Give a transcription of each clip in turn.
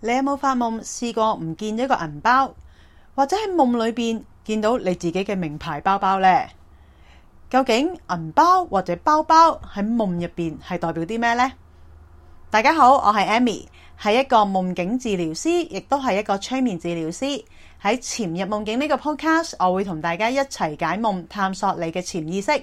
你有冇發夢試過唔見咗個銀包，或者喺夢裏邊見到你自己嘅名牌包包呢？究竟銀包或者包包喺夢入邊係代表啲咩呢？大家好，我係 Amy，係一個夢境治療師，亦都係一個催眠治療師。喺潛入夢境呢個 Podcast，我會同大家一齊解夢，探索你嘅潛意識。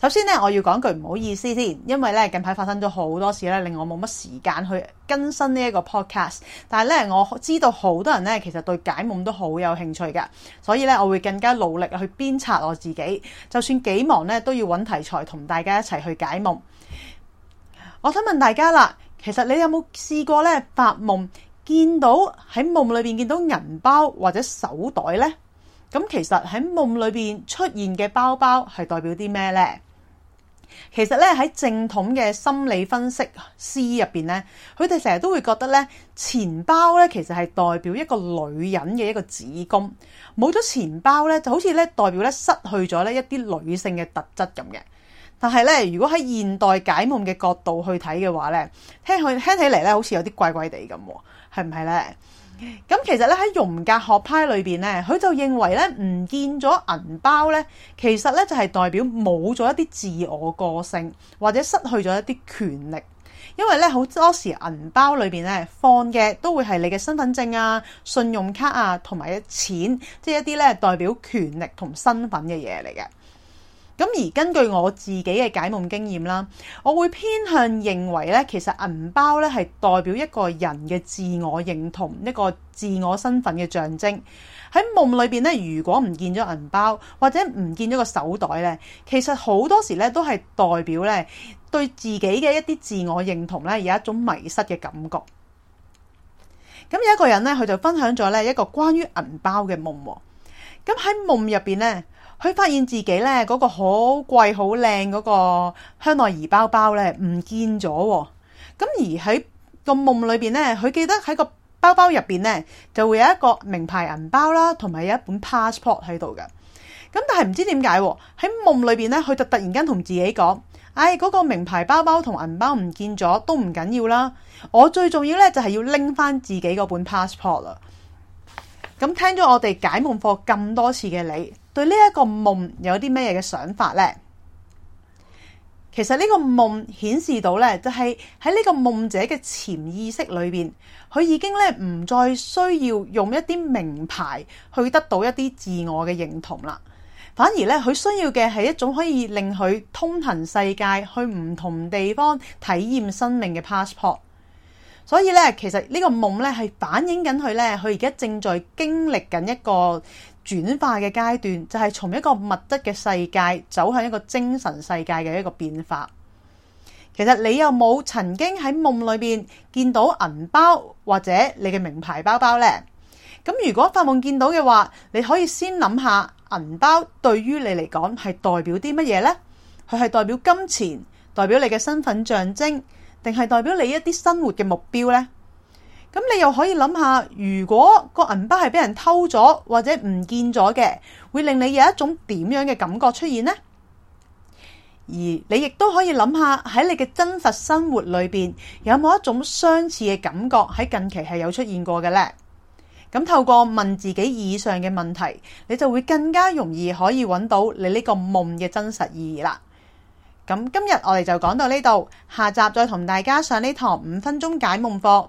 首先咧，我要講句唔好意思先，因為咧近排發生咗好多事咧，令我冇乜時間去更新呢一個 podcast。但係咧，我知道好多人咧，其實對解夢都好有興趣㗎，所以咧我會更加努力去鞭策我自己，就算幾忙咧，都要揾題材同大家一齊去解夢。我想問大家啦，其實你有冇試過咧發夢見到喺夢裏邊見到銀包或者手袋呢？咁其實喺夢裏邊出現嘅包包係代表啲咩呢？其實咧喺正統嘅心理分析師入邊咧，佢哋成日都會覺得咧，錢包咧其實係代表一個女人嘅一個子宮，冇咗錢包咧，就好似咧代表咧失去咗咧一啲女性嘅特質咁嘅。但係咧，如果喺現代解夢嘅角度去睇嘅話咧，聽去聽起嚟咧，好似有啲怪怪地咁，係唔係咧？咁其實咧喺榮格學派裏邊咧，佢就認為咧，唔見咗銀包咧，其實咧就係代表冇咗一啲自我個性，或者失去咗一啲權力，因為咧好多時銀包裏邊咧放嘅都會係你嘅身份證啊、信用卡啊，同埋嘅錢，即係一啲咧代表權力同身份嘅嘢嚟嘅。咁而根據我自己嘅解夢經驗啦，我會偏向認為咧，其實銀包咧係代表一個人嘅自我認同，一個自我身份嘅象徵。喺夢裏邊咧，如果唔見咗銀包或者唔見咗個手袋咧，其實好多時咧都係代表咧對自己嘅一啲自我認同咧有一種迷失嘅感覺。咁有一個人咧，佢就分享咗咧一個關於銀包嘅夢。咁喺夢入邊咧，佢發現自己咧嗰、嗰個好貴好靚嗰個香奈兒包包咧唔見咗喎、啊，咁而喺個夢裏邊咧，佢記得喺個包包入邊咧就會有一個名牌銀包啦，同埋有一本 passport 喺度嘅。咁但係唔知點解喺夢裏邊咧，佢就突然間同自己講：唉、哎，嗰、嗰個名牌包包同銀包唔見咗都唔緊要啦，我最重要咧就係、係、要拎翻自己嗰本 passport 啦。咁、嗯、聽咗我哋解夢課咁多次嘅你，對呢一個夢有啲咩嘢嘅想法呢？其實呢個夢顯示到呢，就係喺呢個夢者嘅潛意識裏邊，佢已經咧唔再需要用一啲名牌去得到一啲自我嘅認同啦，反而呢，佢需要嘅係一種可以令佢通行世界、去唔同地方體驗生命嘅 passport。所以呢，其實呢個夢呢係反映緊佢呢，佢而家正在經歷緊一個。轉化嘅階段，就係從一個物質嘅世界走向一個精神世界嘅一個變化。其實你有冇曾經喺夢裏邊見到銀包或者你嘅名牌包包呢？咁如果發夢見到嘅話，你可以先諗下銀包對於你嚟講係代表啲乜嘢呢？佢係代表金錢，代表你嘅身份象徵，定係代表你一啲生活嘅目標呢？咁你又可以諗下，如果個銀包係俾人偷咗或者唔見咗嘅，會令你有一種點樣嘅感覺出現呢？而你亦都可以諗下喺你嘅真實生活裏邊有冇一種相似嘅感覺喺近期係有出現過嘅呢？咁透過問自己以上嘅問題，你就會更加容易可以揾到你呢個夢嘅真實意義啦。咁今日我哋就講到呢度，下集再同大家上呢堂五分鐘解夢課。